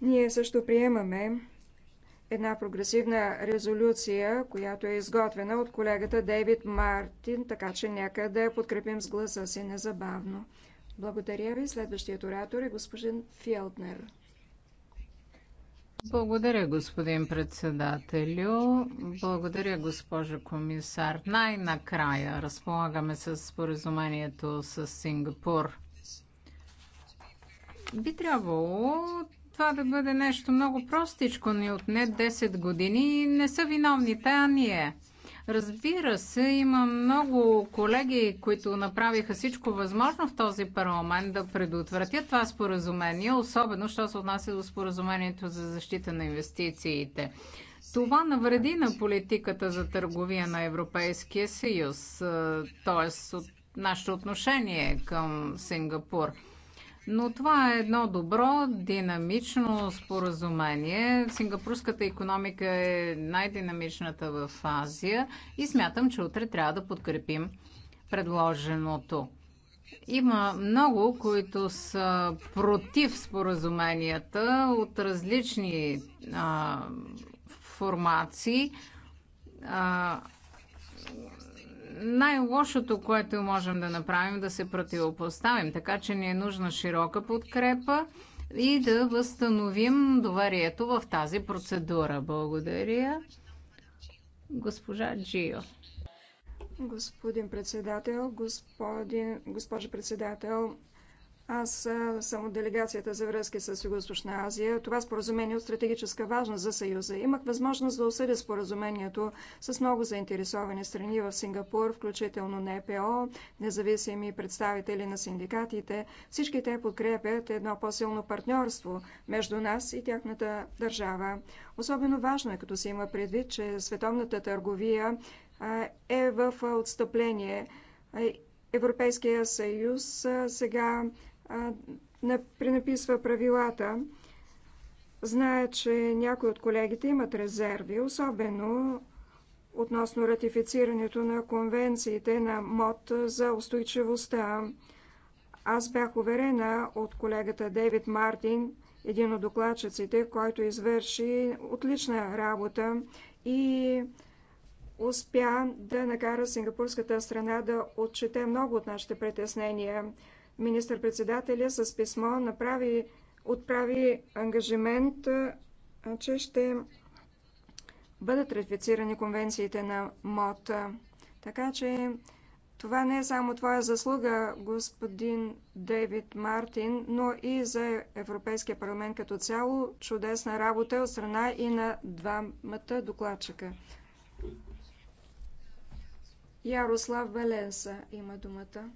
Ние също приемаме една прогресивна резолюция, която е изготвена от колегата Дейвид Мартин, така че нека да я подкрепим с гласа си незабавно. Благодаря ви. Следващият оратор е господин Фелднер. Благодаря, господин председателю. Благодаря, госпожо комисар. Най-накрая разполагаме с споразумението с Сингапур. Би трябвало това да бъде нещо много простичко, ни отне 10 години и не са виновните, а ние. Разбира се, има много колеги, които направиха всичко възможно в този парламент да предотвратят това споразумение, особено що се отнася до споразумението за защита на инвестициите. Това навреди на политиката за търговия на Европейския съюз, т.е. от нашето отношение към Сингапур. Но това е едно добро, динамично споразумение. Сингапурската економика е най-динамичната в Азия и смятам, че утре трябва да подкрепим предложеното. Има много, които са против споразуменията от различни а, формации. А, най-лошото, което можем да направим, е да се противопоставим. Така че ни е нужна широка подкрепа и да възстановим доверието в тази процедура. Благодаря. Госпожа Джио. Господин председател, господин, госпожа председател, аз съм от делегацията за връзки с Юго-Источна Азия. Това споразумение е от стратегическа важност за Съюза. Имах възможност да осъдя споразумението с много заинтересовани страни в Сингапур, включително НПО, независими представители на синдикатите. Всички те подкрепят едно по-силно партньорство между нас и тяхната държава. Особено важно е, като се има предвид, че световната търговия е в отстъпление Европейския съюз сега пренаписва правилата. Знае, че някои от колегите имат резерви, особено относно ратифицирането на конвенциите на МОД за устойчивостта. Аз бях уверена от колегата Дейвид Мартин, един от докладчиците, който извърши отлична работа и успя да накара сингапурската страна да отчете много от нашите притеснения. Министър-председателя с писмо направи, отправи ангажимент, че ще бъдат ратифицирани конвенциите на МОД. Така че това не е само твоя заслуга, господин Дейвид Мартин, но и за Европейския парламент като цяло. Чудесна работа от страна и на двамата докладчика. Ярослав Веленса има думата.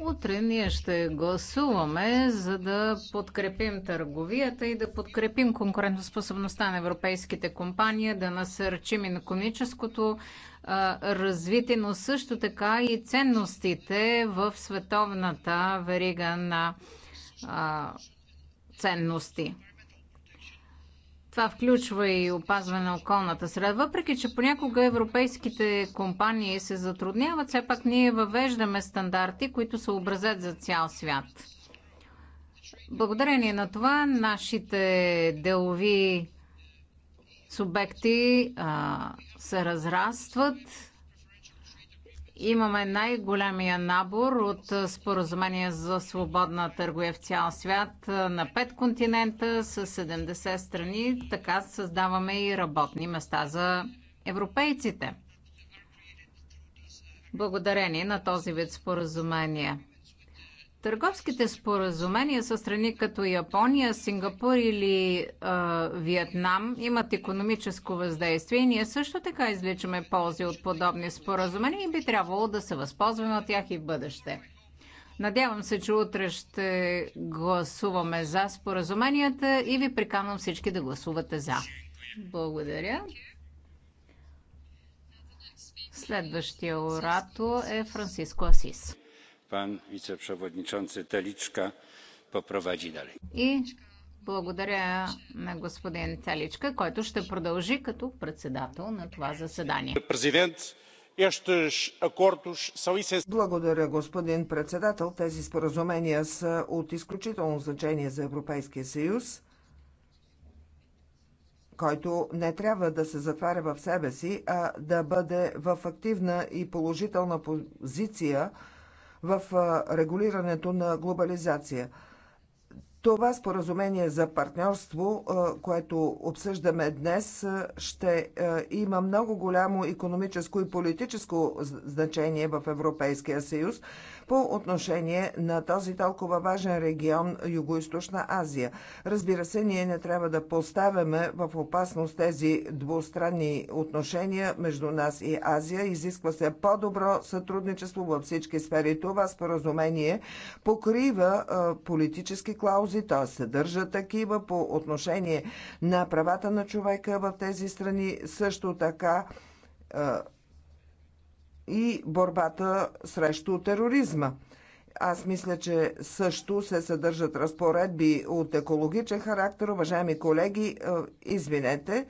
Утре ние ще гласуваме, за да подкрепим търговията и да подкрепим конкурентоспособността на европейските компании, да насърчим и економическото развитие, но също така и ценностите в световната верига на а, ценности. Това включва и опазване на околната среда. Въпреки, че понякога европейските компании се затрудняват, все пак ние въвеждаме стандарти, които са образят за цял свят. Благодарение на това нашите делови субекти а, се разрастват Имаме най-големия набор от споразумения за свободна търговия в цял свят на пет континента с 70 страни. Така създаваме и работни места за европейците. Благодарение на този вид споразумения. Търговските споразумения с страни като Япония, Сингапур или е, Виетнам имат економическо въздействие и ние също така изличаме ползи от подобни споразумения и би трябвало да се възползваме от тях и в бъдеще. Надявам се, че утре ще гласуваме за споразуменията и ви приканвам всички да гласувате за. Благодаря. Следващия оратор е Франциско Асис pan wiceprzewodniczący Teliczka poprowadzi dalej. И благодаря на господин Теличка, който ще продължи като председател на това заседание. Президент, благодаря, господин председател. Тези споразумения са от изключително значение за Европейския съюз, който не трябва да се затваря в себе си, а да бъде в активна и положителна позиция – в регулирането на глобализация. Това споразумение за партньорство, което обсъждаме днес, ще има много голямо економическо и политическо значение в Европейския съюз по отношение на този толкова важен регион Юго-Источна Азия. Разбира се, ние не трябва да поставяме в опасност тези двустранни отношения между нас и Азия. Изисква се по-добро сътрудничество във всички сфери. Това споразумение покрива политически клаузи, т.е. съдържа такива по отношение на правата на човека в тези страни. Също така и борбата срещу тероризма. Аз мисля, че също се съдържат разпоредби от екологичен характер. Уважаеми колеги, е, извинете.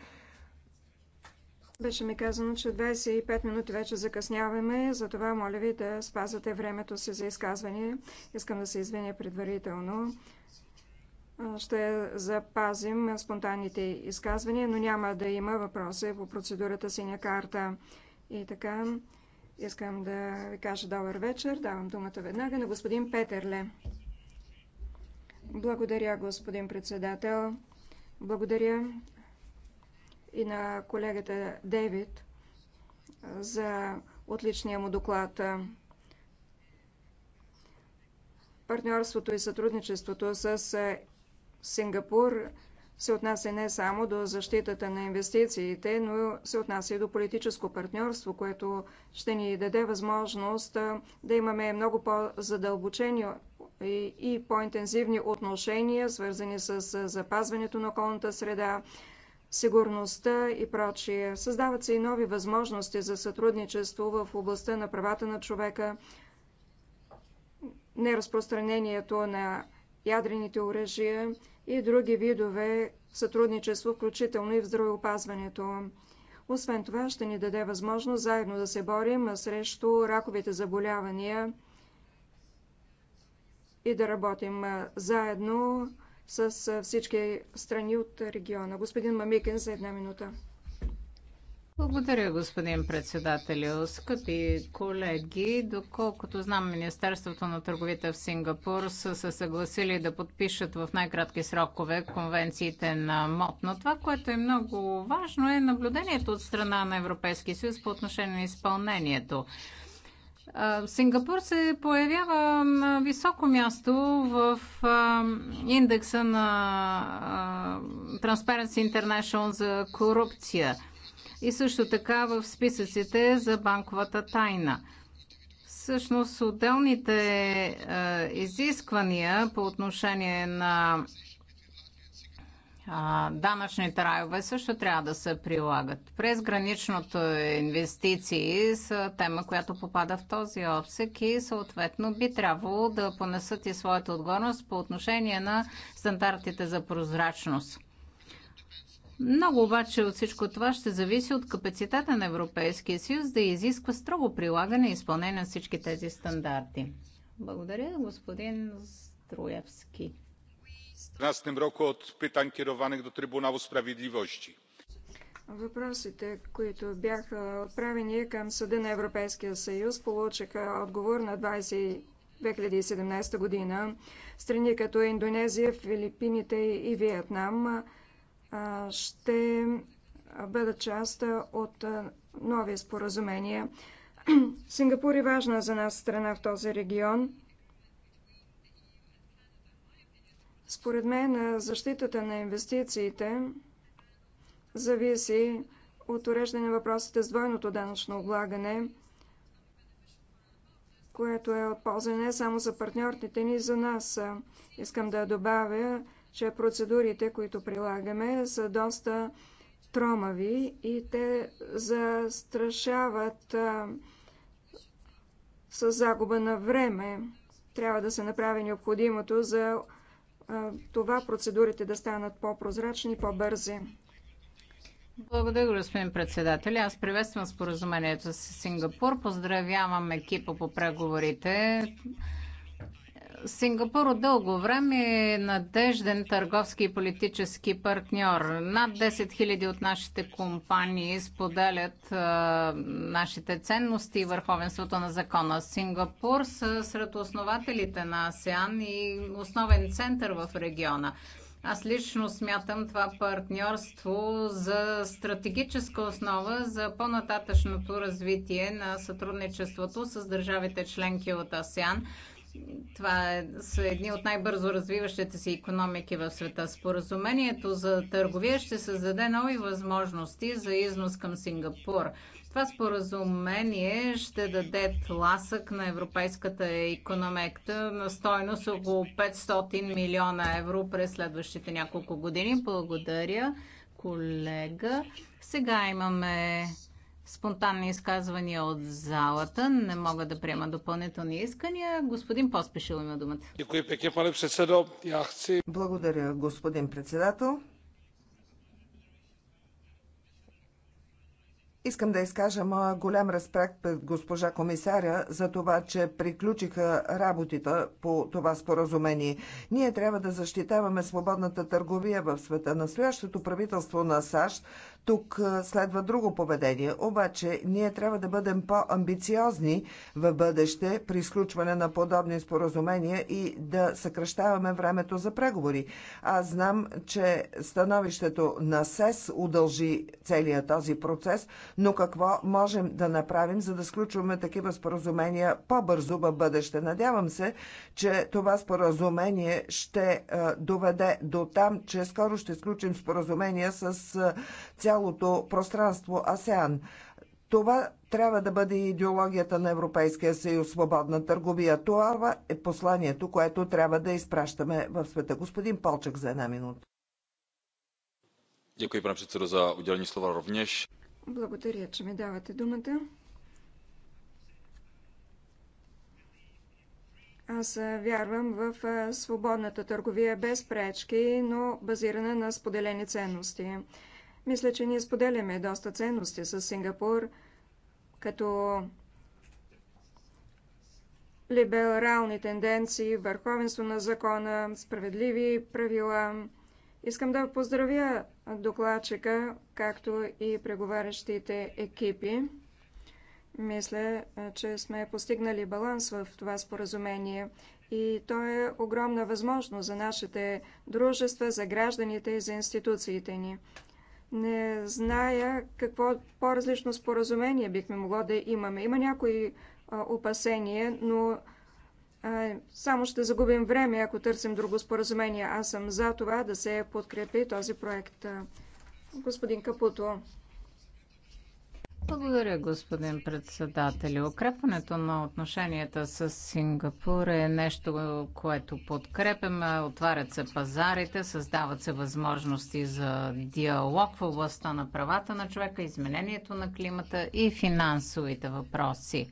Беше ми казано, че 25 минути вече закъсняваме, затова моля ви да спазвате времето си за изказване. Искам да се извиня предварително. Е, ще запазим спонтанните изказвания, но няма да има въпроси по процедурата синя карта. И така, Искам да ви кажа добър вечер. Давам думата веднага на господин Петерле. Благодаря, господин председател. Благодаря и на колегата Дейвид за отличния му доклад. Партньорството и сътрудничеството с Сингапур се отнася не само до защитата на инвестициите, но се отнася и до политическо партньорство, което ще ни даде възможност да имаме много по-задълбочени и по-интензивни отношения, свързани с запазването на околната среда, сигурността и прочие. Създават се и нови възможности за сътрудничество в областта на правата на човека, неразпространението на ядрените оръжия, и други видове сътрудничество, включително и в здравеопазването. Освен това, ще ни даде възможност заедно да се борим срещу раковите заболявания и да работим заедно с всички страни от региона. Господин Мамикен за една минута. Благодаря, господин председателю. Скъпи колеги, доколкото знам, Министерството на търговията в Сингапур са се съгласили да подпишат в най-кратки срокове конвенциите на МОД. Но това, което е много важно, е наблюдението от страна на Европейския съюз по отношение на изпълнението. Сингапур се появява на високо място в индекса на Transparency International за корупция – и също така в списъците за банковата тайна. Всъщност отделните е, изисквания по отношение на данъчните райове също трябва да се прилагат. През граничното инвестиции са тема, която попада в този обсек и съответно би трябвало да понесат и своята отговорност по отношение на стандартите за прозрачност. Много обаче от всичко това ще зависи от капацитета на Европейския съюз да изисква строго прилагане и изпълнение на всички тези стандарти. Благодаря, господин Строевски. W roku od Въпросите, които бяха отправени към Съда на Европейския съюз, получиха отговор на 2017 година. Страни като Индонезия, Филипините и Виетнам ще бъдат част от нови споразумения. Сингапур е важна за нас страна в този регион. Според мен защитата на инвестициите зависи от уреждане на въпросите с двойното данъчно облагане, което е от полза не само за партньорите ни, за нас. Искам да добавя, че процедурите, които прилагаме, са доста тромави и те застрашават с загуба на време. Трябва да се направи необходимото за това процедурите да станат по-прозрачни и по-бързи. Благодаря, господин председател. Аз приветствам споразумението с Сингапур. Поздравявам екипа по преговорите. Сингапур от дълго време е надежден търговски и политически партньор. Над 10 000 от нашите компании споделят е, нашите ценности и върховенството на закона. Сингапур са сред основателите на АСЕАН и основен център в региона. Аз лично смятам това партньорство за стратегическа основа за по-нататъчното развитие на сътрудничеството с държавите членки от АСЕАН това е, са едни от най-бързо развиващите се економики в света. Споразумението за търговия ще създаде нови възможности за износ към Сингапур. Това споразумение ще даде тласък на европейската економика на стойност около 500 милиона евро през следващите няколко години. Благодаря, колега. Сега имаме спонтанни изказвания от залата. Не мога да приема допълнителни искания. Господин Поспешил има думата. Благодаря, господин председател. Искам да изкажа моя голям респект пред госпожа комисаря за това, че приключиха работите по това споразумение. Ние трябва да защитаваме свободната търговия в света. Настоящото правителство на САЩ тук следва друго поведение, обаче ние трябва да бъдем по-амбициозни в бъдеще при изключване на подобни споразумения и да съкръщаваме времето за преговори. Аз знам, че становището на СЕС удължи целият този процес, но какво можем да направим, за да сключваме такива споразумения по-бързо в бъдеще. Надявам се, че това споразумение ще е, доведе до там, че скоро ще сключим споразумения с е, цялото пространство АСЕАН. Това трябва да бъде идеологията на Европейския съюз, свободна търговия. Това е посланието, което трябва да изпращаме в света. Господин Полчък за една минута. Děkuji, pane předsedo, za udělení slova rovněž. Благодаря, че ми давате думата. Аз вярвам в свободната търговия без пречки, но базирана на споделени ценности. Мисля, че ние споделяме доста ценности с Сингапур, като либерални тенденции, върховенство на закона, справедливи правила, Искам да поздравя докладчика, както и преговарящите екипи. Мисля, че сме постигнали баланс в това споразумение и то е огромна възможност за нашите дружества, за гражданите и за институциите ни. Не зная какво по-различно споразумение бихме могло да имаме. Има някои опасения, но само ще загубим време, ако търсим друго споразумение. Аз съм за това да се подкрепи този проект. Господин Капуто. Благодаря, господин председател. Укрепването на отношенията с Сингапур е нещо, което подкрепяме. Отварят се пазарите, създават се възможности за диалог в областта на правата на човека, изменението на климата и финансовите въпроси.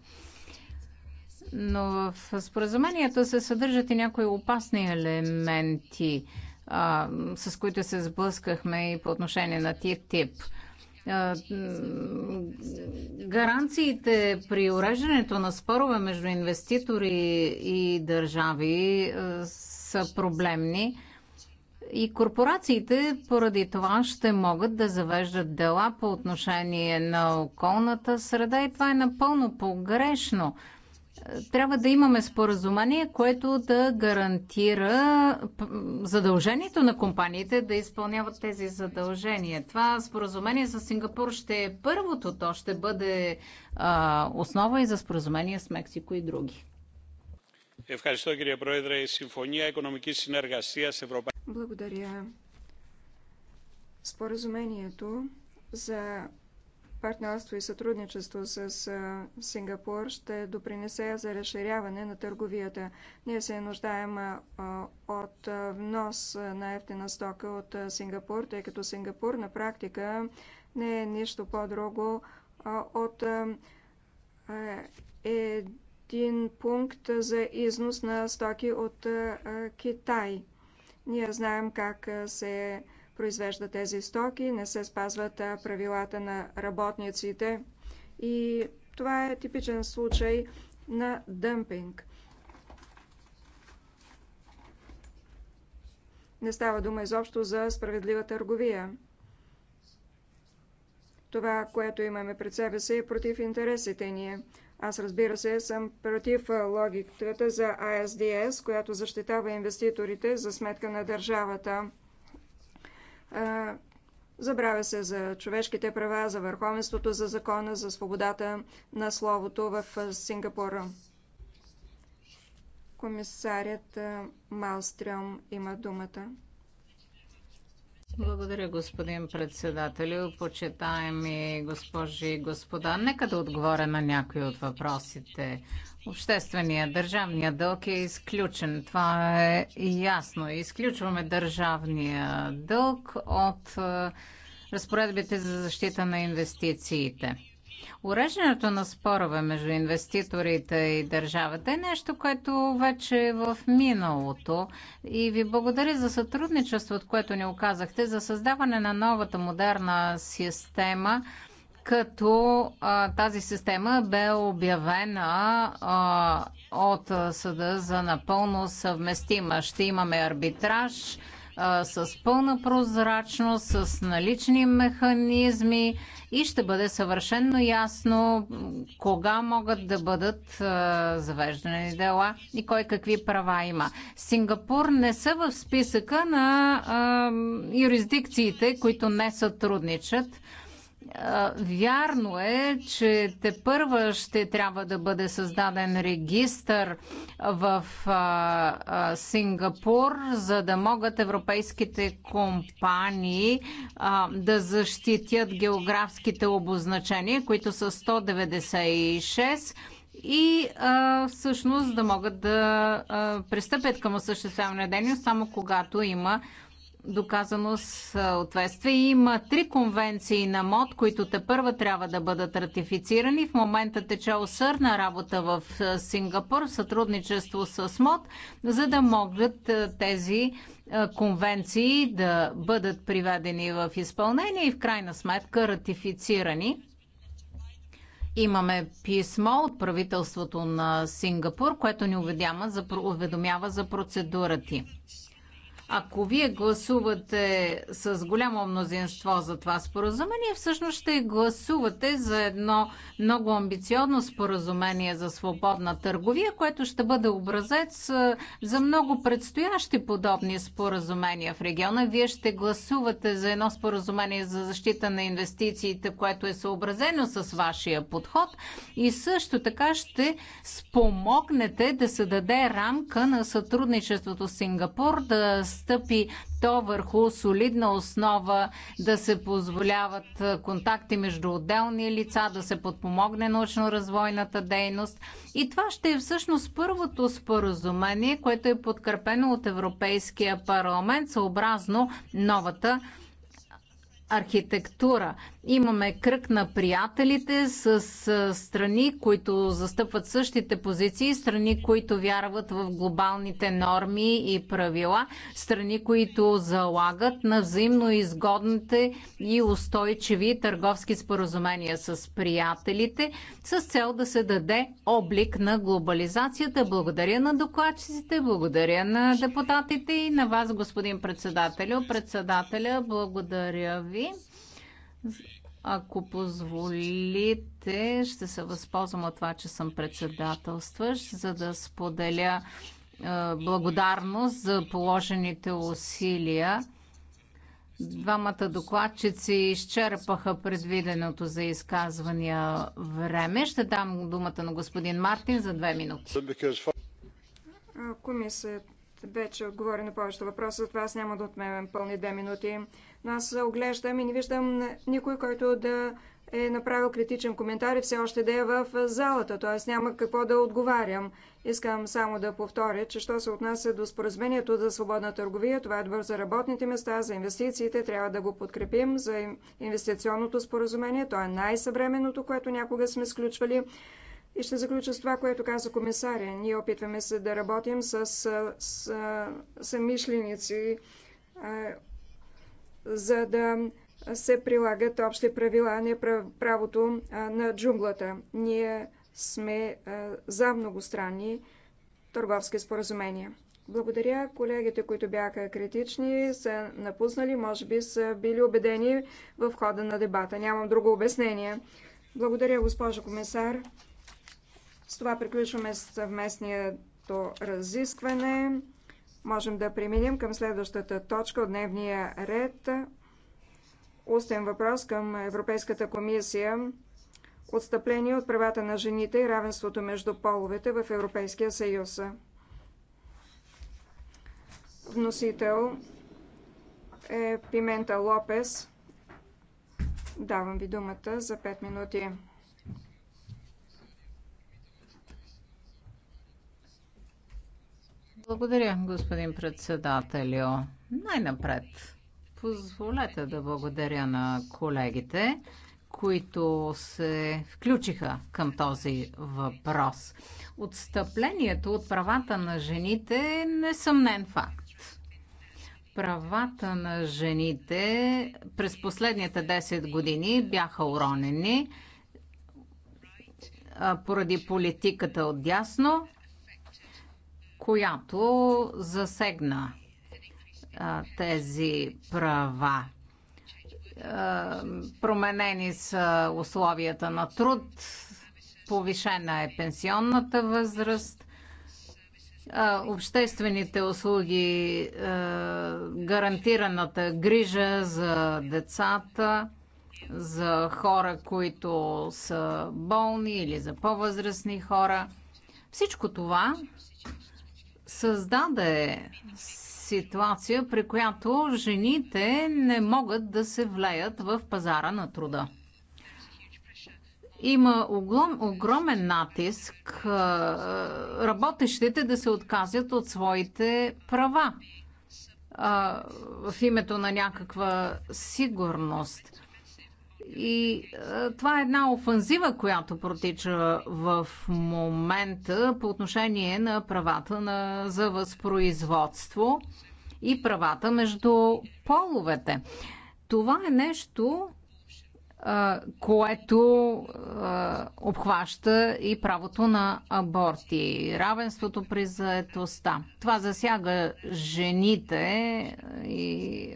Но в споразумението се съдържат и някои опасни елементи, а, с които се сблъскахме и по отношение на Тип. Гаранциите при уреждането на спорове между инвеститори и държави са проблемни и корпорациите поради това ще могат да завеждат дела по отношение на околната среда и това е напълно погрешно трябва да имаме споразумение, което да гарантира задължението на компаниите да изпълняват тези задължения. Това споразумение с Сингапур ще е първото, то ще бъде а, основа и за споразумение с Мексико и други. Благодаря. Споразумението за партньорство и сътрудничество с Сингапур ще допринесе за разширяване на търговията. Ние се нуждаем от внос на ефтина стока от Сингапур, тъй като Сингапур на практика не е нищо по-друго от един пункт за износ на стоки от Китай. Ние знаем как се произвежда тези стоки, не се спазват правилата на работниците и това е типичен случай на дъмпинг. Не става дума изобщо за справедлива търговия. Това, което имаме пред себе си, е против интересите ни. Аз разбира се съм против логиката за ISDS, която защитава инвеститорите за сметка на държавата. Забравя се за човешките права, за върховенството, за закона, за свободата на словото в Сингапур. Комисарят Малстрем има думата. Благодаря, господин председателю. Почитаеми госпожи и господа, нека да отговоря на някои от въпросите. Обществения, държавния дълг е изключен. Това е ясно. Изключваме държавния дълг от разпоредбите за защита на инвестициите. Уреждането на спорове между инвеститорите и държавата е нещо, което вече е в миналото и ви благодаря за сътрудничеството, което ни оказахте за създаване на новата модерна система, като а, тази система бе обявена а, от съда за напълно съвместима. Ще имаме арбитраж а, с пълна прозрачност, с налични механизми и ще бъде съвършенно ясно кога могат да бъдат а, завеждани дела и кой какви права има. Сингапур не са в списъка на а, юрисдикциите, които не сътрудничат Вярно е, че те първа ще трябва да бъде създаден регистър в Сингапур, за да могат европейските компании да защитят географските обозначения, които са 196 и а, всъщност да могат да а, пристъпят към осъществяване дейност само когато има доказано съответствие. Има три конвенции на МОД, които те първа трябва да бъдат ратифицирани. В момента тече усърна работа в Сингапур в сътрудничество с МОД, за да могат тези конвенции да бъдат приведени в изпълнение и в крайна сметка ратифицирани. Имаме писмо от правителството на Сингапур, което ни уведомява за процедурата. Ако вие гласувате с голямо мнозинство за това споразумение, всъщност ще гласувате за едно много амбициозно споразумение за свободна търговия, което ще бъде образец за много предстоящи подобни споразумения в региона. Вие ще гласувате за едно споразумение за защита на инвестициите, което е съобразено с вашия подход и също така ще спомогнете да се даде рамка на сътрудничеството с Сингапур да стъпи то върху солидна основа да се позволяват контакти между отделни лица, да се подпомогне научно-развойната дейност. И това ще е всъщност първото споразумение, което е подкрепено от Европейския парламент съобразно новата архитектура. Имаме кръг на приятелите с страни, които застъпват същите позиции, страни, които вярват в глобалните норми и правила, страни, които залагат на взаимно изгодните и устойчиви търговски споразумения с приятелите, с цел да се даде облик на глобализацията. Благодаря на докладчиците, благодаря на депутатите и на вас, господин председателю. Председателя, благодаря ви ви. Ако позволите, ще се възползвам от това, че съм председателстващ, за да споделя е, благодарност за положените усилия. Двамата докладчици изчерпаха предвиденото за изказвания време. Ще дам думата на господин Мартин за две минути. Комисията вече отговори на повечето въпроси, затова аз няма да отмемем пълни две минути. Но аз оглеждам и не виждам никой, който да е направил критичен коментар и все още да е в залата, т.е. няма какво да отговарям. Искам само да повторя, че що се отнася до споразумението за свободна търговия, това е добър за работните места, за инвестициите, трябва да го подкрепим, за инвестиционното споразумение, то е най-съвременното, което някога сме сключвали. И ще заключа с това, което каза комисаря. Ние опитваме се да работим с, самишленици, за да се прилагат общи правила, не правото на джунглата. Ние сме за многостранни търговски споразумения. Благодаря колегите, които бяха критични, са напуснали, може би са били убедени в хода на дебата. Нямам друго обяснение. Благодаря, госпожо комисар. С това приключваме съвместното разискване. Можем да преминем към следващата точка от дневния ред. Устен въпрос към Европейската комисия. Отстъпление от правата на жените и равенството между половете в Европейския съюз. Вносител е Пимента Лопес. Давам ви думата за 5 минути. Благодаря, господин председателю. Най-напред, позволете да благодаря на колегите, които се включиха към този въпрос. Отстъплението от правата на жените е несъмнен факт правата на жените през последните 10 години бяха уронени поради политиката от дясно която засегна а, тези права. А, променени са условията на труд, повишена е пенсионната възраст, обществените услуги, гарантираната грижа за децата, за хора, които са болни или за по-възрастни хора. Всичко това създаде ситуация, при която жените не могат да се влеят в пазара на труда. Има оглом, огромен натиск работещите да се отказят от своите права в името на някаква сигурност. И а, това е една офанзива, която протича в момента по отношение на правата на, за възпроизводство и правата между половете. Това е нещо, а, което а, обхваща и правото на аборти, равенството при заетостта. Това засяга жените и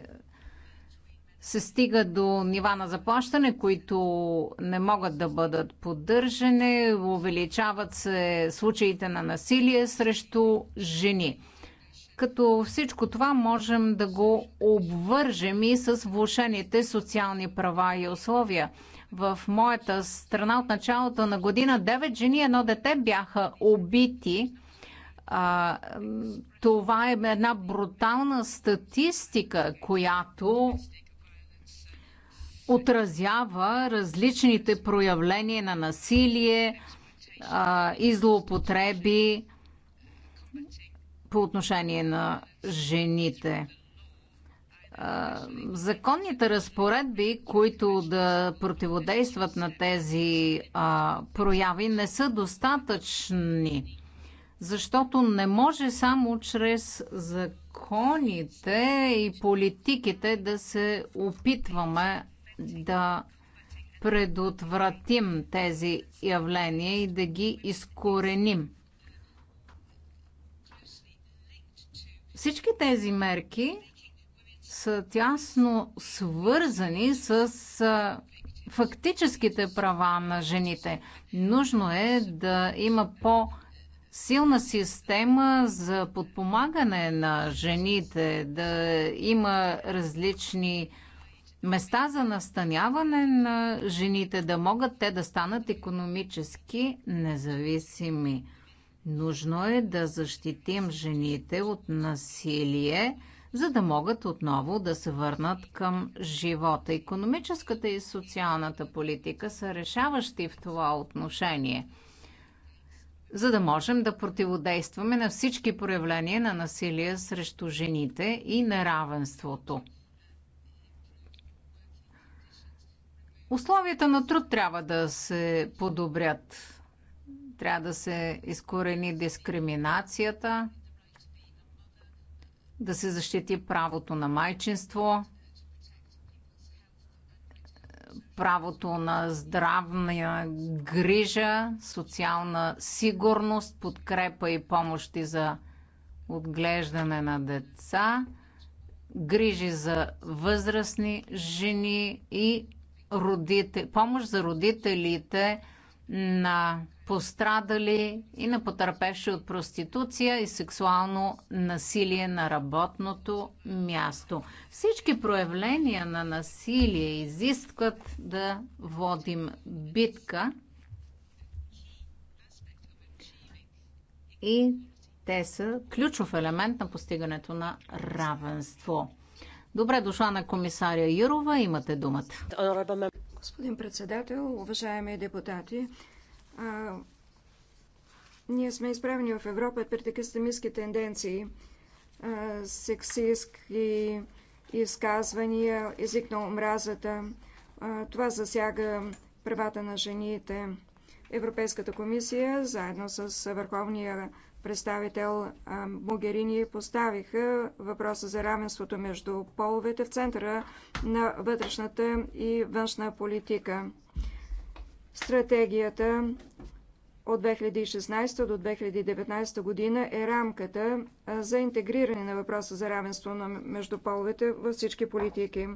се стига до нива на заплащане, които не могат да бъдат поддържани, увеличават се случаите на насилие срещу жени. Като всичко това можем да го обвържем и с влушените социални права и условия. В моята страна от началото на година 9 жени и едно дете бяха убити. А, това е една брутална статистика, която отразява различните проявления на насилие а, и злоупотреби по отношение на жените. Законните разпоредби, които да противодействат на тези а, прояви, не са достатъчни, защото не може само чрез законите и политиките да се опитваме да предотвратим тези явления и да ги изкореним. Всички тези мерки са тясно свързани с фактическите права на жените. Нужно е да има по- силна система за подпомагане на жените, да има различни места за настаняване на жените, да могат те да станат економически независими. Нужно е да защитим жените от насилие, за да могат отново да се върнат към живота. Економическата и социалната политика са решаващи в това отношение, за да можем да противодействаме на всички проявления на насилие срещу жените и неравенството. Условията на труд трябва да се подобрят. Трябва да се изкорени дискриминацията, да се защити правото на майчинство, правото на здравна грижа, социална сигурност, подкрепа и помощи за отглеждане на деца, грижи за възрастни жени и родите, помощ за родителите на пострадали и на потърпевши от проституция и сексуално насилие на работното място. Всички проявления на насилие изискват да водим битка и те са ключов елемент на постигането на равенство. Добре дошла на комисаря Юрова. Имате думата. Господин председател, уважаеми депутати, а, ние сме изправени в Европа пред екстремистски тенденции, а, сексистски изказвания, език на омразата. А, това засяга правата на жените. Европейската комисия, заедно с Върховния представител Могерини поставиха въпроса за равенството между половете в центъра на вътрешната и външна политика. Стратегията от 2016 до 2019 година е рамката за интегриране на въпроса за равенство между половете във всички политики.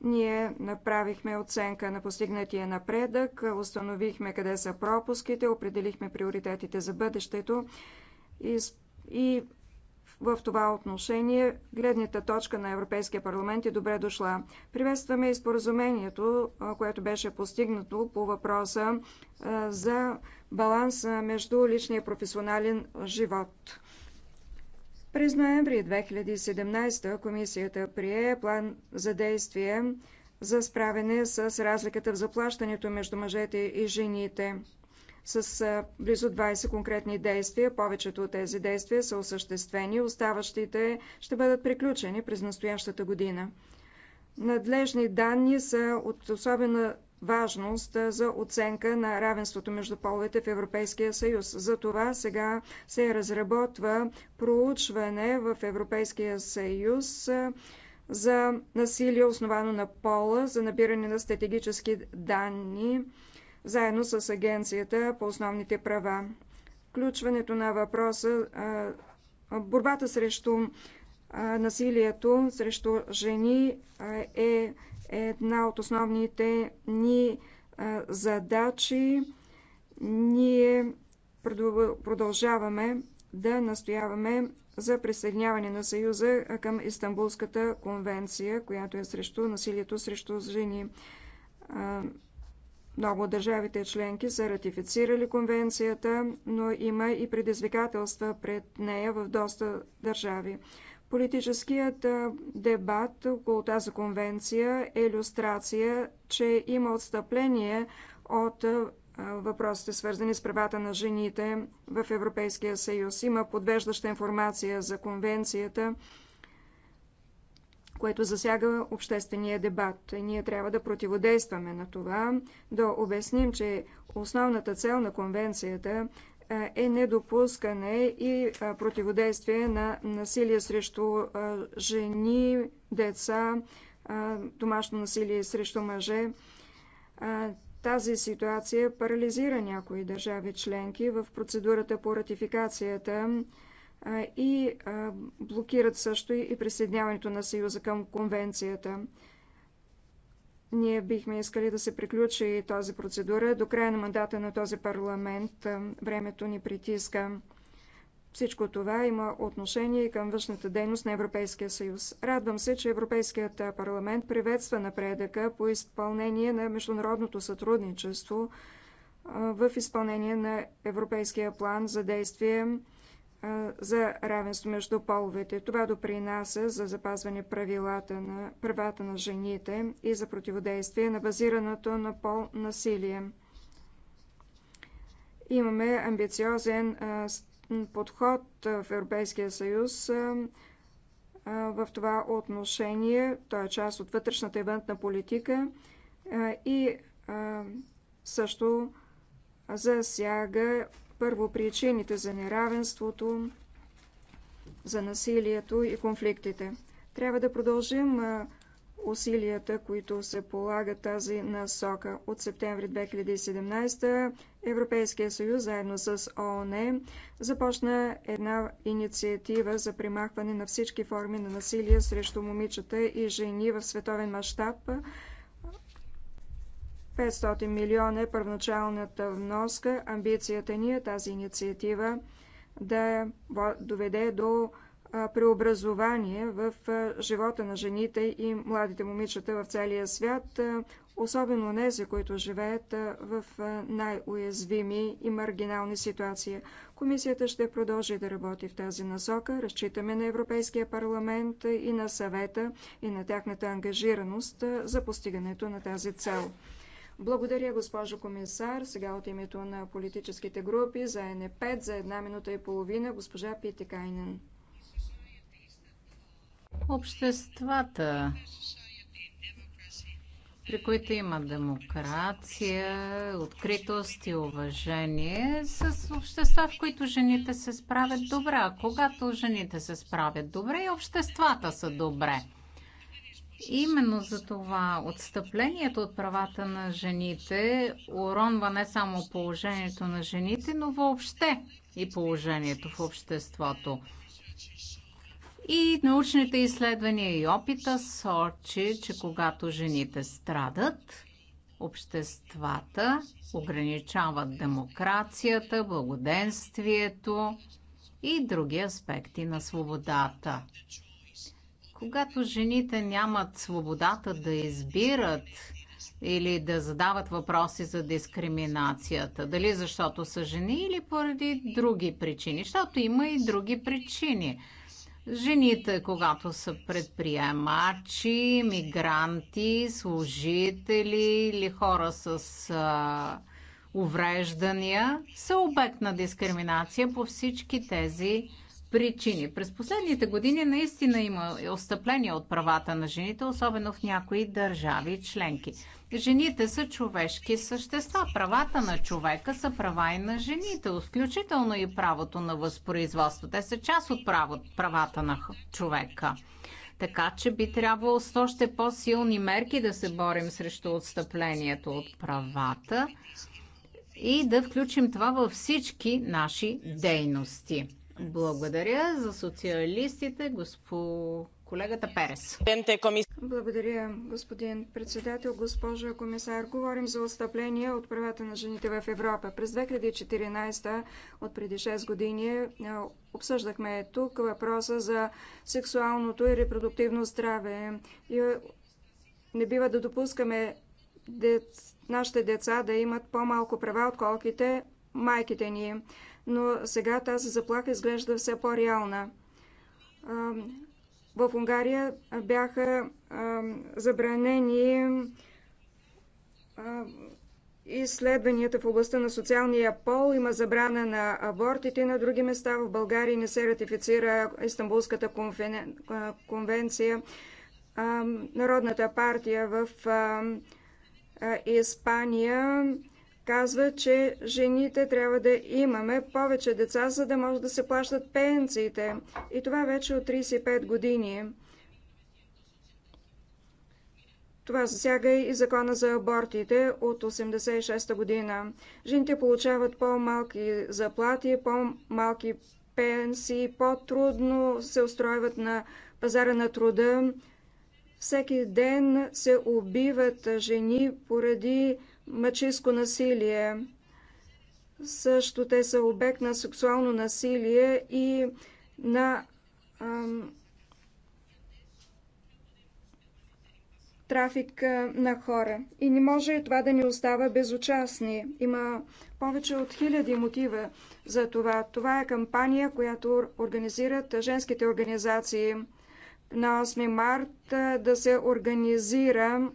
Ние направихме оценка на постигнатия напредък, установихме къде са пропуските, определихме приоритетите за бъдещето и, и в това отношение гледната точка на Европейския парламент е добре дошла. Приветстваме и споразумението, което беше постигнато по въпроса за баланса между личния и професионален живот. През ноември 2017 комисията прие план за действие за справяне с разликата в заплащането между мъжете и жените с близо 20 конкретни действия. Повечето от тези действия са осъществени, оставащите ще бъдат приключени през настоящата година. Надлежни данни са от особена важност за оценка на равенството между половете в Европейския съюз. За това сега се разработва проучване в Европейския съюз за насилие основано на пола, за набиране на стратегически данни заедно с Агенцията по основните права. Включването на въпроса борбата срещу насилието срещу жени е една от основните ни задачи. Ние продължаваме да настояваме за присъединяване на Съюза към Истанбулската конвенция, която е срещу насилието срещу жени. Много от държавите членки са ратифицирали конвенцията, но има и предизвикателства пред нея в доста държави. Политическият дебат около тази конвенция е иллюстрация, че има отстъпление от въпросите, свързани с правата на жените в Европейския съюз. Има подвеждаща информация за конвенцията което засяга обществения дебат. И ние трябва да противодействаме на това, да обясним, че основната цел на конвенцията е недопускане и противодействие на насилие срещу жени, деца, домашно насилие срещу мъже. Тази ситуация парализира някои държави членки в процедурата по ратификацията и блокират също и присъединяването на Съюза към конвенцията. Ние бихме искали да се приключи тази процедура до края на мандата на този парламент. Времето ни притиска. Всичко това има отношение и към външната дейност на Европейския съюз. Радвам се, че Европейският парламент приветства напредъка по изпълнение на международното сътрудничество в изпълнение на Европейския план за действие за равенство между половете. Това допринася за запазване правилата на, правата на жените и за противодействие на базираното на пол насилие. Имаме амбициозен подход в Европейския съюз в това отношение. Той е част от вътрешната и външна политика и също засяга първо, причините за неравенството, за насилието и конфликтите. Трябва да продължим усилията, които се полагат тази насока. От септември 2017 Европейския съюз заедно с ООН започна една инициатива за примахване на всички форми на насилие срещу момичета и жени в световен мащаб – 500 милиона е първоначалната вноска. Амбицията ни е тази инициатива да доведе до преобразование в живота на жените и младите момичета в целия свят, особено онези, които живеят в най-уязвими и маргинални ситуации. Комисията ще продължи да работи в тази насока. Разчитаме на Европейския парламент и на съвета и на тяхната ангажираност за постигането на тази цел. Благодаря, госпожо комисар. Сега от името на политическите групи за НП за една минута и половина госпожа Пити Кайнен. Обществата, при които има демокрация, откритост и уважение, с общества, в които жените се справят добре. А когато жените се справят добре, и обществата са добре. Именно за това отстъплението от правата на жените уронва не само положението на жените, но въобще и положението в обществото. И научните изследвания и опита сочи, че когато жените страдат, обществата ограничават демокрацията, благоденствието и други аспекти на свободата. Когато жените нямат свободата да избират или да задават въпроси за дискриминацията, дали защото са жени или поради други причини, защото има и други причини. Жените, когато са предприемачи, мигранти, служители или хора с а, увреждания, са обект на дискриминация по всички тези причини. През последните години наистина има остъпление от правата на жените, особено в някои държави членки. Жените са човешки същества. Правата на човека са права и на жените, включително и правото на възпроизводство. Те са част от право, правата на човека. Така че би трябвало с още по-силни мерки да се борим срещу отстъплението от правата и да включим това във всички наши дейности. Благодаря за социалистите, госпо... колегата Перес. Благодаря, господин председател, госпожа комисар. Говорим за отстъпление от правата на жените в Европа. През 2014, от преди 6 години, е, обсъждахме тук въпроса за сексуалното и репродуктивно здраве. И е, не бива да допускаме дет... нашите деца да имат по-малко права, отколките майките ни но сега тази заплаха изглежда все по-реална. В Унгария бяха забранени изследванията в областта на социалния пол. Има забрана на абортите на други места. В България не се ратифицира Истанбулската конвенция. Народната партия в Испания казва, че жените трябва да имаме повече деца, за да може да се плащат пенсиите. И това вече от 35 години. Това засяга и закона за абортите от 86-та година. Жените получават по-малки заплати, по-малки пенсии, по-трудно се устройват на пазара на труда. Всеки ден се убиват жени поради мъчиско насилие. Също те са обект на сексуално насилие и на ам, трафик на хора. И не може това да ни остава безучастни. Има повече от хиляди мотива за това. Това е кампания, която организират женските организации. На 8 март да се организира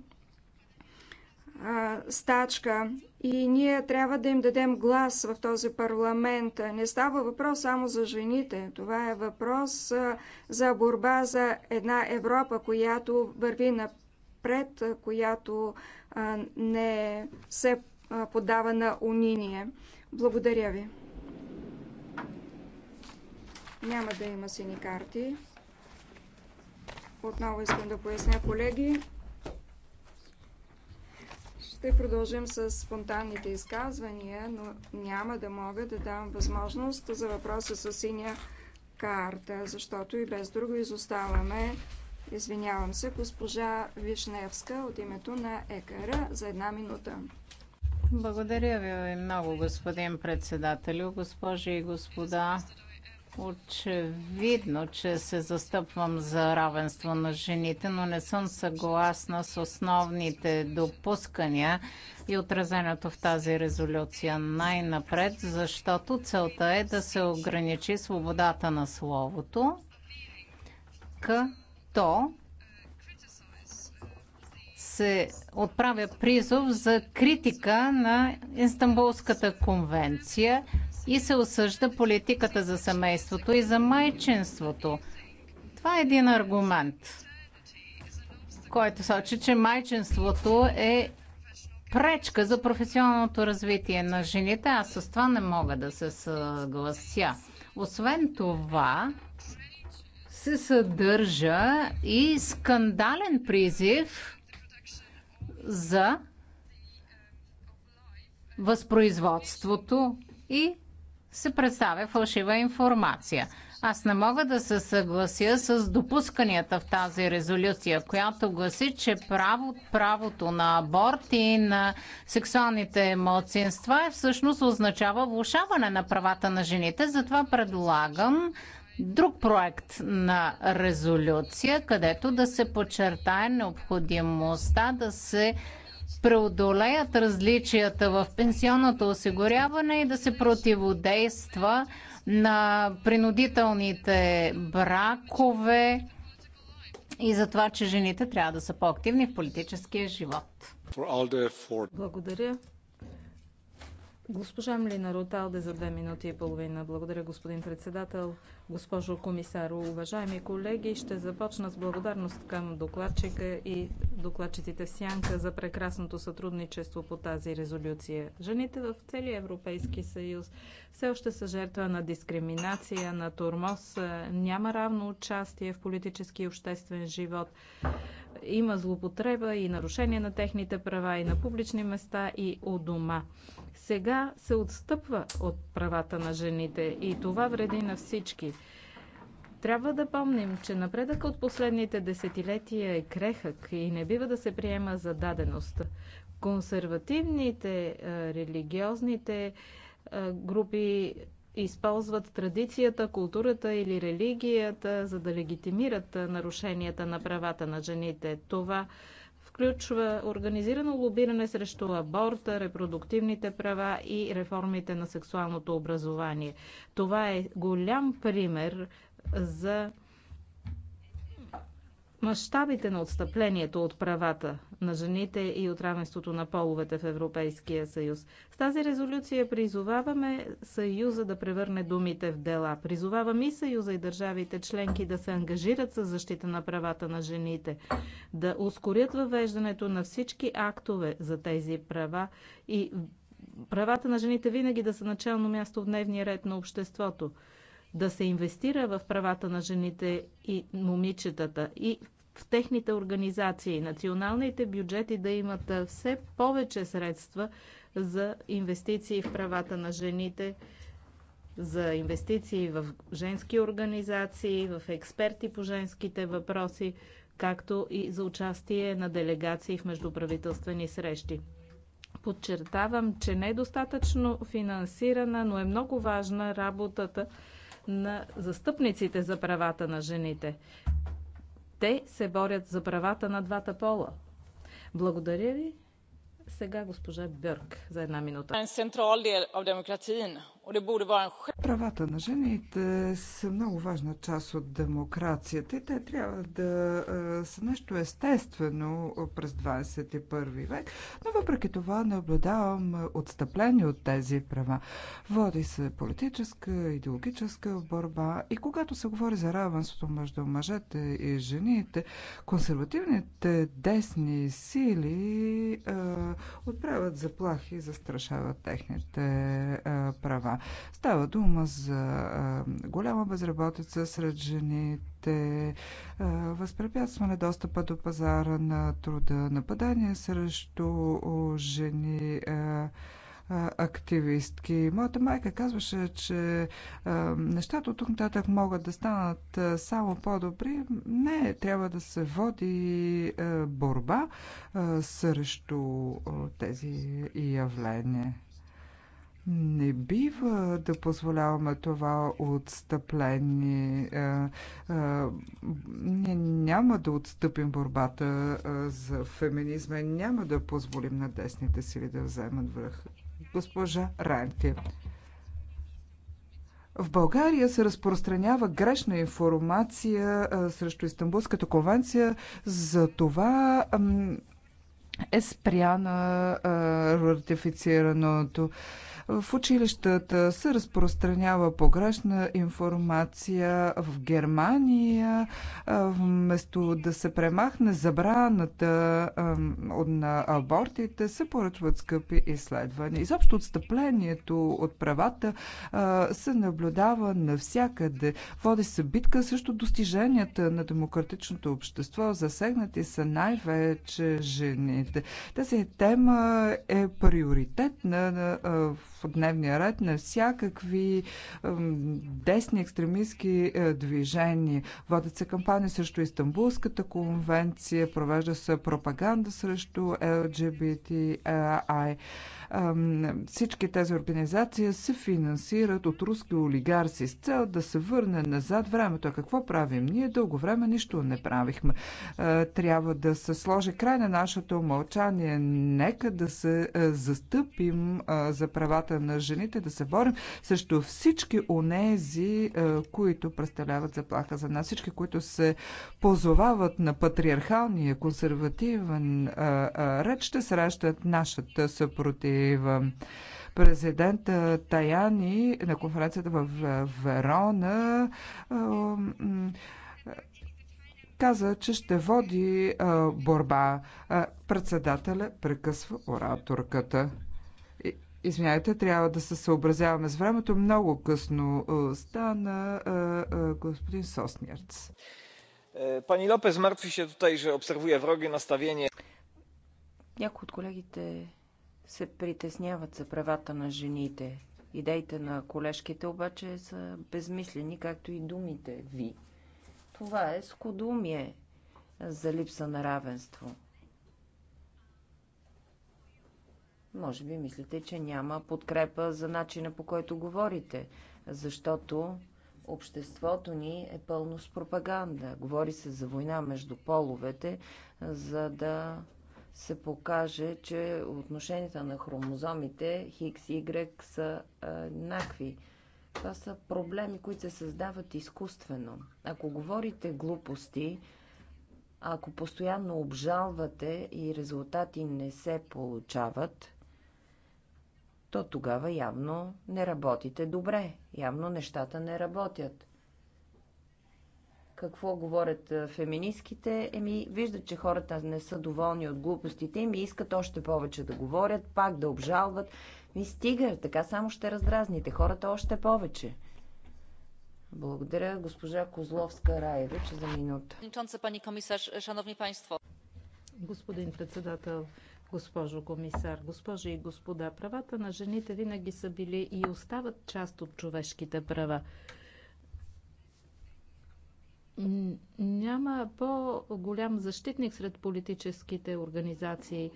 стачка и ние трябва да им дадем глас в този парламент. Не става въпрос само за жените. Това е въпрос за борба за една Европа, която върви напред, която не се подава на униние. Благодаря ви. Няма да има сини карти. Отново искам да поясня, колеги. Ще продължим с спонтанните изказвания, но няма да мога да дам възможност за въпроса с синя карта, защото и без друго изоставаме. Извинявам се, госпожа Вишневска от името на ЕКР за една минута. Благодаря ви много, господин председател, госпожи и господа. Очевидно, че се застъпвам за равенство на жените, но не съм съгласна с основните допускания и отразеното в тази резолюция най-напред, защото целта е да се ограничи свободата на словото, като се отправя призов за критика на Истанбулската конвенция – и се осъжда политиката за семейството и за майчинството. Това е един аргумент, който сочи, че майчинството е пречка за професионалното развитие на жените. Аз с това не мога да се съглася. Освен това, се съдържа и скандален призив за възпроизводството и се представя фалшива информация. Аз не мога да се съглася с допусканията в тази резолюция, която гласи, че право, правото на аборт и на сексуалните младсинства е всъщност означава влушаване на правата на жените. Затова предлагам друг проект на резолюция, където да се подчертае необходимостта да се преодолеят различията в пенсионното осигуряване и да се противодейства на принудителните бракове и за това, че жените трябва да са по-активни в политическия живот. Благодаря. Госпожа Млина Роталде за две минути и половина. Благодаря, господин председател. Госпожо комисар, уважаеми колеги, ще започна с благодарност към докладчика и докладчиците в Сянка за прекрасното сътрудничество по тази резолюция. Жените в целия Европейски съюз все още са жертва на дискриминация, на тормоз, няма равно участие в политически и обществен живот има злопотреба и нарушение на техните права и на публични места и у дома. Сега се отстъпва от правата на жените и това вреди на всички. Трябва да помним, че напредък от последните десетилетия е крехък и не бива да се приема за даденост. Консервативните, религиозните групи използват традицията, културата или религията, за да легитимират нарушенията на правата на жените. Това включва организирано лобиране срещу аборта, репродуктивните права и реформите на сексуалното образование. Това е голям пример за Мащабите на отстъплението от правата на жените и от равенството на половете в Европейския съюз. С тази резолюция призоваваме Съюза да превърне думите в дела. Призоваваме и Съюза и държавите членки да се ангажират с защита на правата на жените, да ускорят въвеждането на всички актове за тези права и правата на жените винаги да са начално място в дневния ред на обществото да се инвестира в правата на жените и момичетата и в техните организации, националните бюджети да имат все повече средства за инвестиции в правата на жените, за инвестиции в женски организации, в експерти по женските въпроси, както и за участие на делегации в междуправителствени срещи. Подчертавам, че не е достатъчно финансирана, но е много важна работата на застъпниците за правата на жените. Те се борят за правата на двата пола. Благодаря ви. Сега госпожа Бърк за една минута. Правата на жените са много важна част от демокрацията и те трябва да са нещо естествено през 21 век, но въпреки това наблюдавам отстъпление от тези права. Води се политическа, идеологическа борба и когато се говори за равенството между мъжете и жените, консервативните десни сили е, отправят заплахи и застрашават техните е, права. Става дума дума за голяма безработица сред жените, възпрепятстване достъпа до пазара на труда, нападание срещу жени, активистки. Моята майка казваше, че нещата от тук нататък могат да станат само по-добри. Не, трябва да се води борба срещу тези явления. Не бива да позволяваме това отстъпление. Е, е, ние няма да отстъпим борбата е, за феминизма. Няма да позволим на десните сили да вземат връх. Госпожа Ранти. В България се разпространява грешна информация срещу Истанбулската конвенция за това е спряна ратифицираното. В училищата се разпространява погрешна информация в Германия. Вместо да се премахне забраната на абортите, се поръчват скъпи изследвания. Изобщо отстъплението от правата се наблюдава навсякъде. Води се битка също достиженията на демократичното общество. Засегнати са най-вече жените. Тази тема е приоритетна в дневния ред на всякакви десни екстремистски е, движения. Водят се кампания срещу Истанбулската конвенция, провежда се пропаганда срещу LGBTI. Всички тези организации се финансират от руски олигарси с цел да се върне назад времето. А какво правим? Ние дълго време нищо не правихме. Е, трябва да се сложи край на нашето мълчание. Нека да се е, застъпим за правата правата на жените, да се борим срещу всички онези, е, които представляват заплаха за нас, всички, които се позовават на патриархалния консервативен е, е, ред, ще срещат нашата съпротива президент Таяни на конференцията в Верона каза, че ще води борба. Председателя прекъсва ораторката. Извинявайте, трябва да се съобразяваме с времето. Много късно е, стана е, е, господин Соснирц. Пани Лопес мъртви се тутай, че обсервуе вроги наставение. Някои от колегите се притесняват за правата на жените. Идеите на колежките обаче са безмислени, както и думите ви. Това е скудумие за липса на равенство. Може би мислите, че няма подкрепа за начина по който говорите, защото обществото ни е пълно с пропаганда. Говори се за война между половете, за да се покаже, че отношенията на хромозомите Хикс и Y са е, еднакви. Това са проблеми, които се създават изкуствено. Ако говорите глупости, ако постоянно обжалвате и резултати не се получават, то тогава явно не работите добре. Явно нещата не работят. Какво говорят феминистките? Еми, виждат, че хората не са доволни от глупостите им и искат още повече да говорят, пак да обжалват. Ми стига, така само ще раздразните хората още повече. Благодаря, госпожа Козловска Раевич, за минута. Господин председател, госпожо комисар, госпожи и господа. Правата на жените винаги са били и остават част от човешките права. Няма по-голям защитник сред политическите организации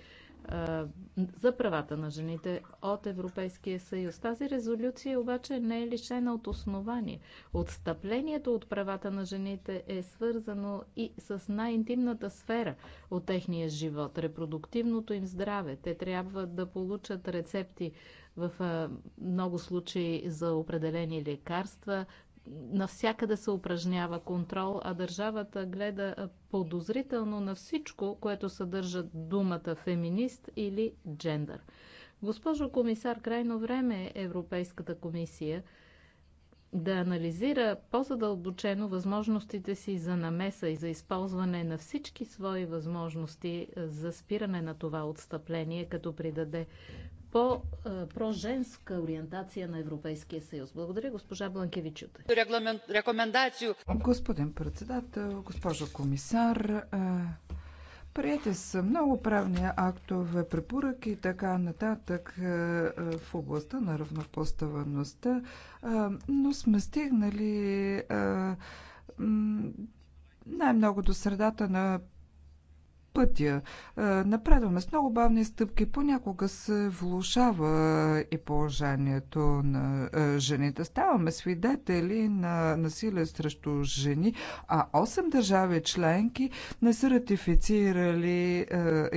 за правата на жените от Европейския съюз. Тази резолюция обаче не е лишена от основание. Отстъплението от правата на жените е свързано и с най-интимната сфера от техния живот, репродуктивното им здраве. Те трябва да получат рецепти в много случаи за определени лекарства, навсякъде се упражнява контрол, а държавата гледа подозрително на всичко, което съдържа думата феминист или джендър. Госпожо комисар, крайно време е Европейската комисия да анализира по-задълбочено възможностите си за намеса и за използване на всички свои възможности за спиране на това отстъпление, като придаде е, по-женска ориентация на Европейския съюз. Благодаря, госпожа Бланкевичута. Господин председател, госпожо комисар, е, Прияти са много правни актове, препоръки и така нататък е, в областта на равнопоставеността, но сме стигнали най-много до средата на пътя. Е, Напредваме с много бавни стъпки. Понякога се влушава и положението на е, жените. Ставаме свидетели на насилие срещу жени, а 8 държави членки не са ратифицирали е,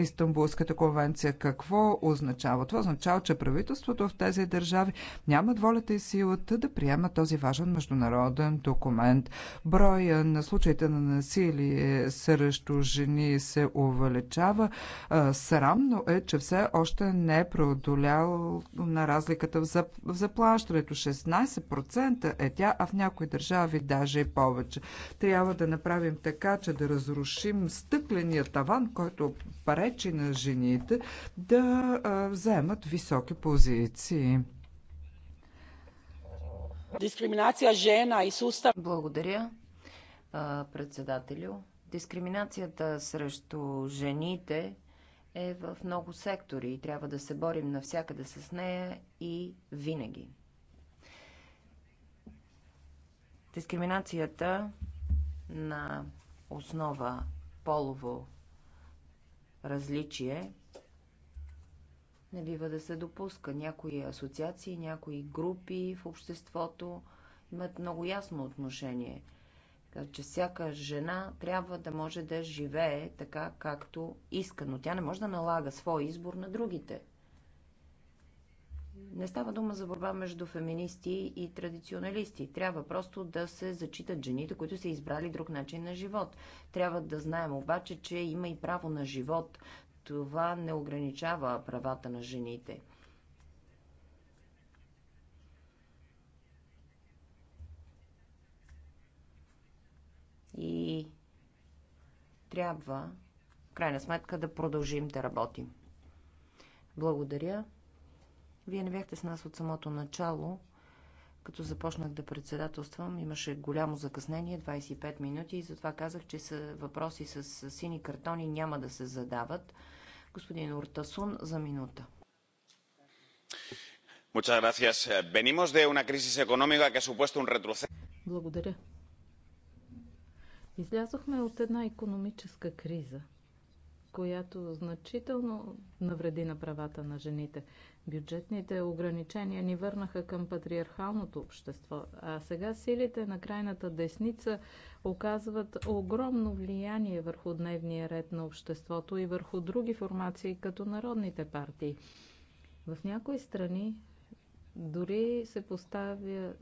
Истанбулската конвенция. Какво означава? Това означава, че правителството в тези държави нямат волята и силата да приема този важен международен документ. Броя на случаите на насилие срещу жени се увеличава увеличава. Срамно е, че все още не е преодолял на разликата в заплащането. 16% е тя, а в някои държави даже и повече. Трябва да направим така, че да разрушим стъкления таван, който пречи на жените да вземат високи позиции. Дискриминация жена и суста. Благодаря, председателю. Дискриминацията срещу жените е в много сектори и трябва да се борим навсякъде с нея и винаги. Дискриминацията на основа полово различие не бива да се допуска. Някои асоциации, някои групи в обществото имат много ясно отношение – че всяка жена трябва да може да живее така, както иска, но тя не може да налага свой избор на другите. Не става дума за борба между феминисти и традиционалисти. Трябва просто да се зачитат жените, които са избрали друг начин на живот. Трябва да знаем обаче, че има и право на живот. Това не ограничава правата на жените. трябва, в крайна сметка, да продължим да работим. Благодаря. Вие не бяхте с нас от самото начало. Като започнах да председателствам, имаше голямо закъснение, 25 минути, и затова казах, че са въпроси с сини картони няма да се задават. Господин Уртасун, за минута. Благодаря. Благодаря. Излязохме от една економическа криза, която значително навреди на правата на жените. Бюджетните ограничения ни върнаха към патриархалното общество, а сега силите на крайната десница оказват огромно влияние върху дневния ред на обществото и върху други формации, като народните партии. В някои страни дори се поставя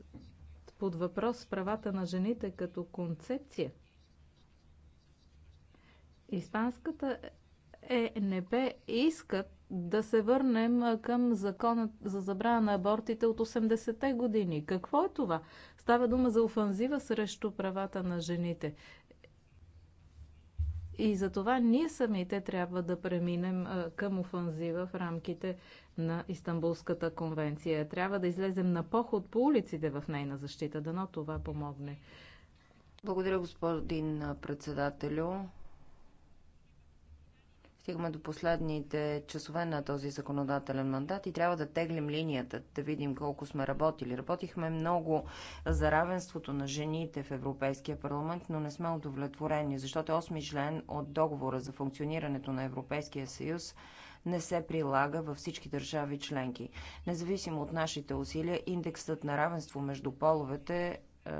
под въпрос правата на жените като концепция – Испанската ЕНП искат да се върнем към закона за забрана на абортите от 80-те години. Какво е това? Става дума за офанзива срещу правата на жените. И за това ние самите трябва да преминем към офанзива в рамките на Истанбулската конвенция. Трябва да излезем на поход по улиците в нейна защита. Дано това помогне. Благодаря, господин председателю. Стигаме до последните часове на този законодателен мандат и трябва да теглим линията, да видим колко сме работили. Работихме много за равенството на жените в Европейския парламент, но не сме удовлетворени, защото 8 член от договора за функционирането на Европейския съюз не се прилага във всички държави членки. Независимо от нашите усилия, индексът на равенство между половете е,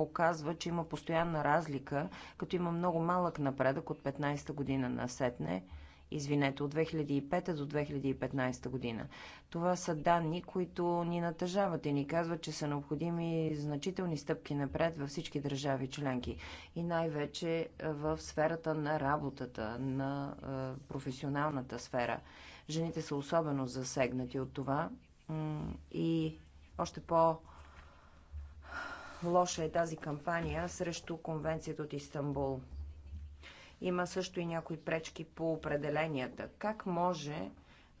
показва, че има постоянна разлика, като има много малък напредък от 15-та година на сетне, извинете, от 2005 до 2015 година. Това са данни, които ни натъжават и ни казват, че са необходими значителни стъпки напред във всички държави членки и най-вече в сферата на работата, на е, професионалната сфера. Жените са особено засегнати от това и още по- лоша е тази кампания срещу конвенцията от Истанбул. Има също и някои пречки по определенията. Как може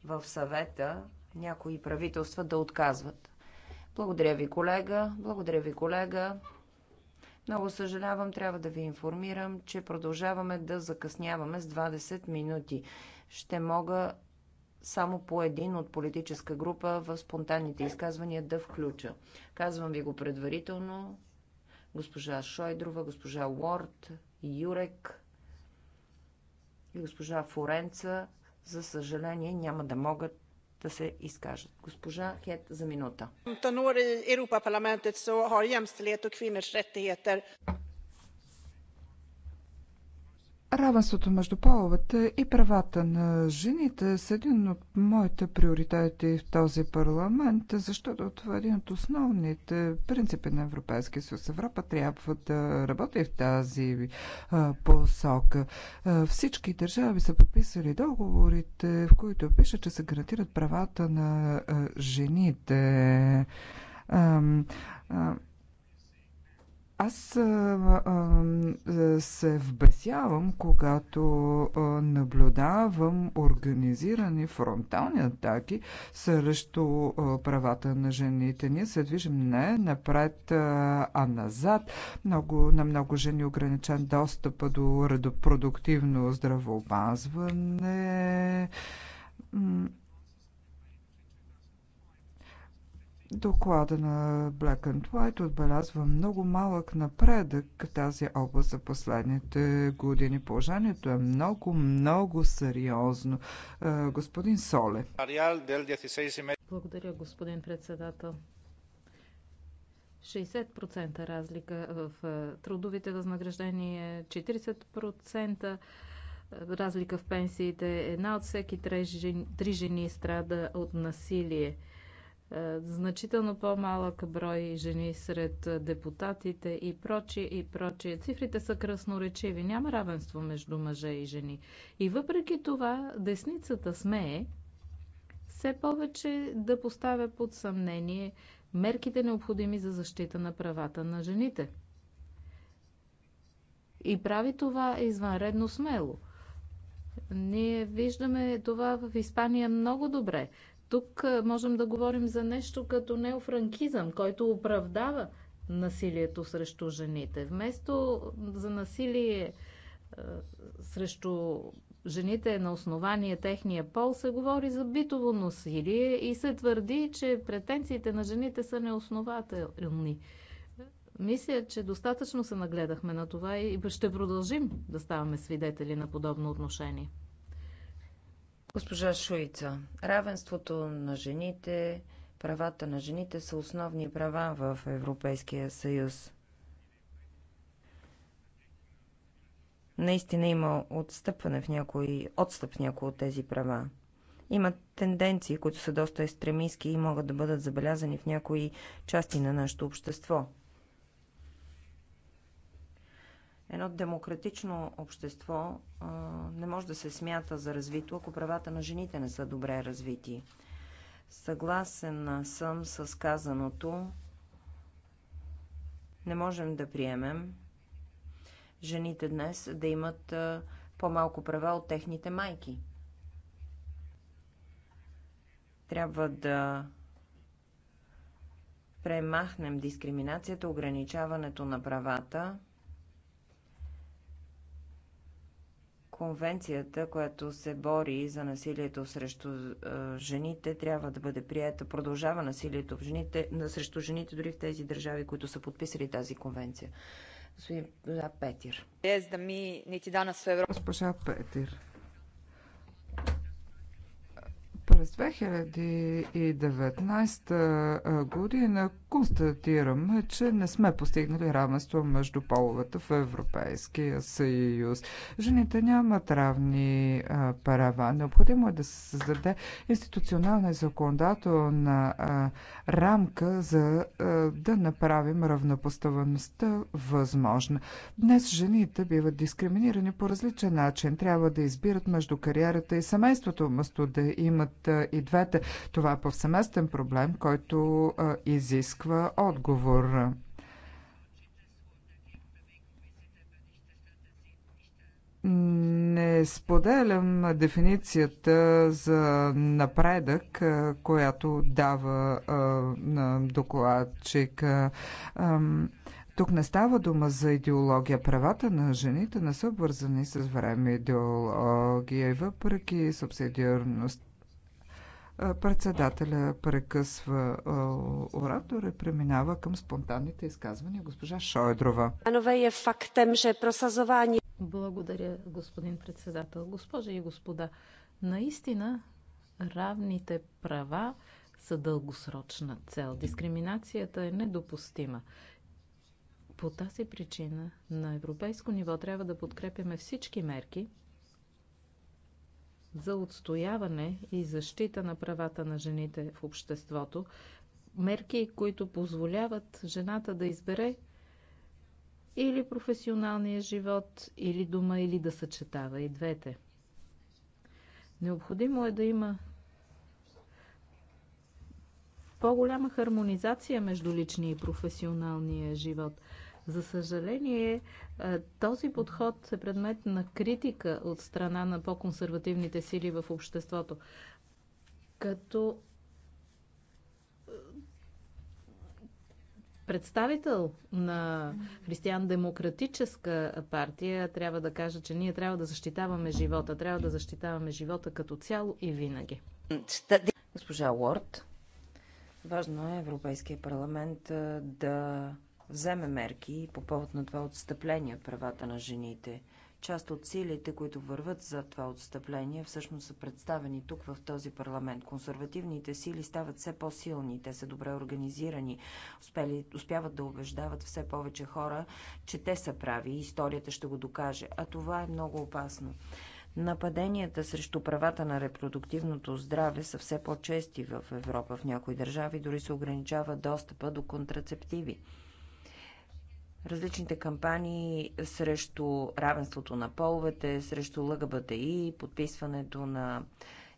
в съвета някои правителства да отказват? Благодаря ви, колега. Благодаря ви, колега. Много съжалявам, трябва да ви информирам, че продължаваме да закъсняваме с 20 минути. Ще мога само по един от политическа група в спонтанните изказвания да включа. Казвам ви го предварително. Госпожа Шойдрова, госпожа Уорд, Юрек и госпожа Форенца, за съжаление, няма да могат да се изкажат. Госпожа Хет за минута. Равенството между половете и правата на жените са един от моите приоритети в този парламент, защото това е един от основните принципи на Европейския съюз. Европа трябва да работи в тази а, посока. А, всички държави са подписали договорите, в които пише, че се гарантират правата на а, жените. А, а, аз а, а, се вбесявам, когато а, наблюдавам организирани фронтални атаки срещу а, правата на жените. Ние се движим не напред, а, а назад. Много, на много жени е ограничен достъп до продуктивно здравоопазване Доклада на Black and White отбелязва много малък напредък в тази област за последните години. Положението е много, много сериозно. Е, господин Соле. Благодаря, господин председател. 60% разлика в е, трудовите възнаграждения, 40% е, разлика в пенсиите. Една от всеки три жени страда от насилие. Е, значително по-малък брой жени сред е, депутатите и прочие и прочие. Цифрите са красноречиви. Няма равенство между мъже и жени. И въпреки това десницата смее все повече да поставя под съмнение мерките необходими за защита на правата на жените. И прави това извънредно смело. Ние виждаме това в Испания много добре. Тук можем да говорим за нещо като неофранкизъм, който оправдава насилието срещу жените. Вместо за насилие срещу жените на основание техния пол се говори за битово насилие и се твърди, че претенциите на жените са неоснователни. Мисля, че достатъчно се нагледахме на това и ще продължим да ставаме свидетели на подобно отношение. Госпожа Шуица, равенството на жените, правата на жените са основни права в Европейския съюз. Наистина има отстъпване в някои, отстъп в някои от тези права. Има тенденции, които са доста екстремистски и могат да бъдат забелязани в някои части на нашето общество – Едно демократично общество а, не може да се смята за развито, ако правата на жените не са добре развити. Съгласен съм с казаното. Не можем да приемем жените днес да имат по-малко права от техните майки. Трябва да премахнем дискриминацията, ограничаването на правата конвенцията, която се бори за насилието срещу е, жените, трябва да бъде приета. Продължава насилието в жените, срещу жените дори в тези държави, които са подписали тази конвенция. Господин Петир. Госпожа Петир. През 2019 е, година констатираме, че не сме постигнали равенство между половете в Европейския съюз. Жените нямат равни а, права. Необходимо е да се създаде институционална и законодателна а, рамка, за а, да направим равнопоставеността възможна. Днес жените биват дискриминирани по различен начин. Трябва да избират между кариерата и семейството, вместо да имат а, и двете. Това е повсеместен проблем, който а, изисква изисква отговор. Не споделям дефиницията за напредък, която дава на докладчика. Тук не става дума за идеология. Правата на жените не са обвързани с време идеология. И въпреки субсидиарност Председателя прекъсва оратора и преминава към спонтанните изказвания. Госпожа Шойдрова. е фактем, че просазование... Благодаря, господин председател. Госпожи и господа, наистина равните права са дългосрочна цел. Дискриминацията е недопустима. По тази причина на европейско ниво трябва да подкрепяме всички мерки, за отстояване и защита на правата на жените в обществото, мерки, които позволяват жената да избере или професионалния живот, или дома, или да съчетава и двете. Необходимо е да има по-голяма хармонизация между личния и професионалния живот – за съжаление, е, този подход е предмет на критика от страна на по-консервативните сили в обществото. Като е, представител на християн-демократическа партия, трябва да кажа, че ние трябва да защитаваме живота. Трябва да защитаваме живота като цяло и винаги. Госпожа Уорд, важно е Европейския парламент е, да вземе мерки по повод на това отстъпление от правата на жените. Част от силите, които върват за това отстъпление, всъщност са представени тук в този парламент. Консервативните сили стават все по-силни, те са добре организирани, успели, успяват да убеждават все повече хора, че те са прави и историята ще го докаже. А това е много опасно. Нападенията срещу правата на репродуктивното здраве са все по-чести в Европа. В някои държави дори се ограничава достъпа до контрацептиви различните кампании срещу равенството на половете, срещу ЛГБТИ, подписването на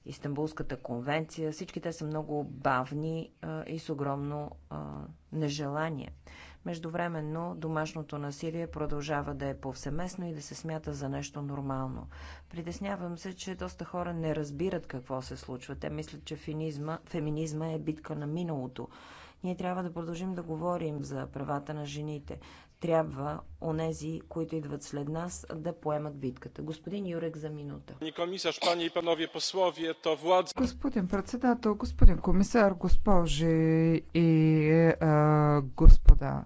Истанбулската конвенция. Всички те са много бавни а, и с огромно а, нежелание. Междувременно домашното насилие продължава да е повсеместно и да се смята за нещо нормално. Притеснявам се, че доста хора не разбират какво се случва. Те мислят, че финизма, феминизма е битка на миналото. Ние трябва да продължим да говорим за правата на жените, трябва онези, които идват след нас, да поемат битката. Господин Юрек за минута. Господин председател, господин комисар, госпожи и е, а, господа.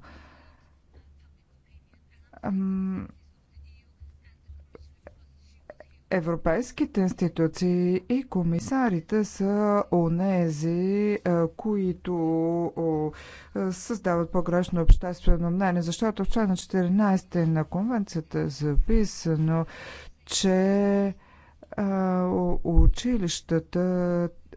Ам... Европейските институции и комисарите са онези, е, които е, създават погрешно обществено мнение, защото в член 14 на конвенцията е записано, че е, училищата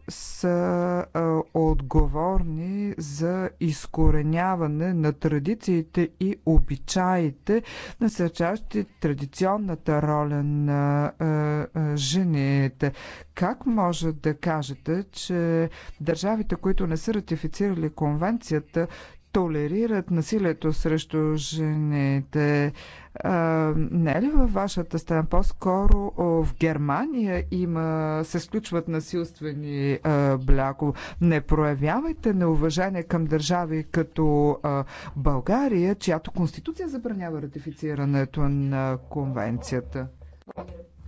са а, отговорни за изкореняване на традициите и обичаите, насърчащи традиционната роля на а, а, жените. Как може да кажете, че държавите, които не са ратифицирали конвенцията, толерират насилието срещу жените. А, не е ли във вашата страна? По-скоро в Германия има, се сключват насилствени а, бляко. Не проявявайте неуважение към държави като а, България, чиято конституция забранява ратифицирането на конвенцията.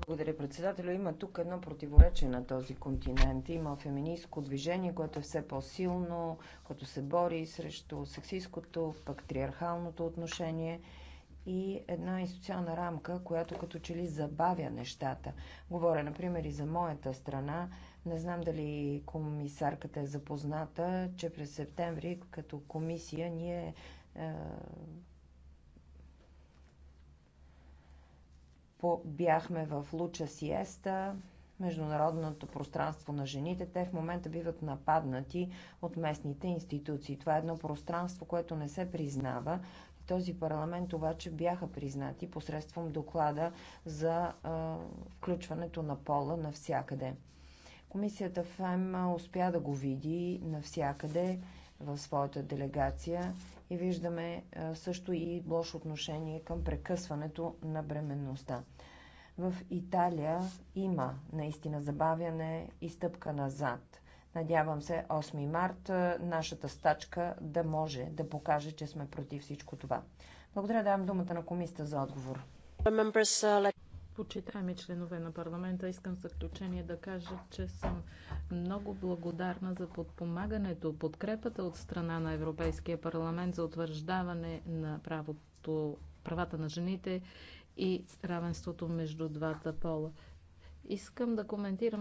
Благодаря, председателю. Има тук едно противоречие на този континент. Има феминистско движение, което е все по-силно, което се бори срещу сексистското, патриархалното отношение и една институционална рамка, която като че ли забавя нещата. Говоря, например, и за моята страна. Не знам дали комисарката е запозната, че през септември като комисия ние е, бяхме в Луча Сиеста, международното пространство на жените. Те в момента биват нападнати от местните институции. Това е едно пространство, което не се признава. Този парламент обаче бяха признати посредством доклада за а, включването на пола навсякъде. Комисията ФЕМ успя да го види навсякъде в своята делегация и виждаме също и лошо отношение към прекъсването на бременността. В Италия има наистина забавяне и стъпка назад. Надявам се 8 март нашата стачка да може да покаже, че сме против всичко това. Благодаря, давам думата на комисията за отговор. Uh, почитаеми членове на парламента, искам в заключение да кажа, че съм много благодарна за подпомагането, подкрепата от страна на Европейския парламент за утвърждаване на правото, правата на жените и равенството между двата пола. Искам да коментирам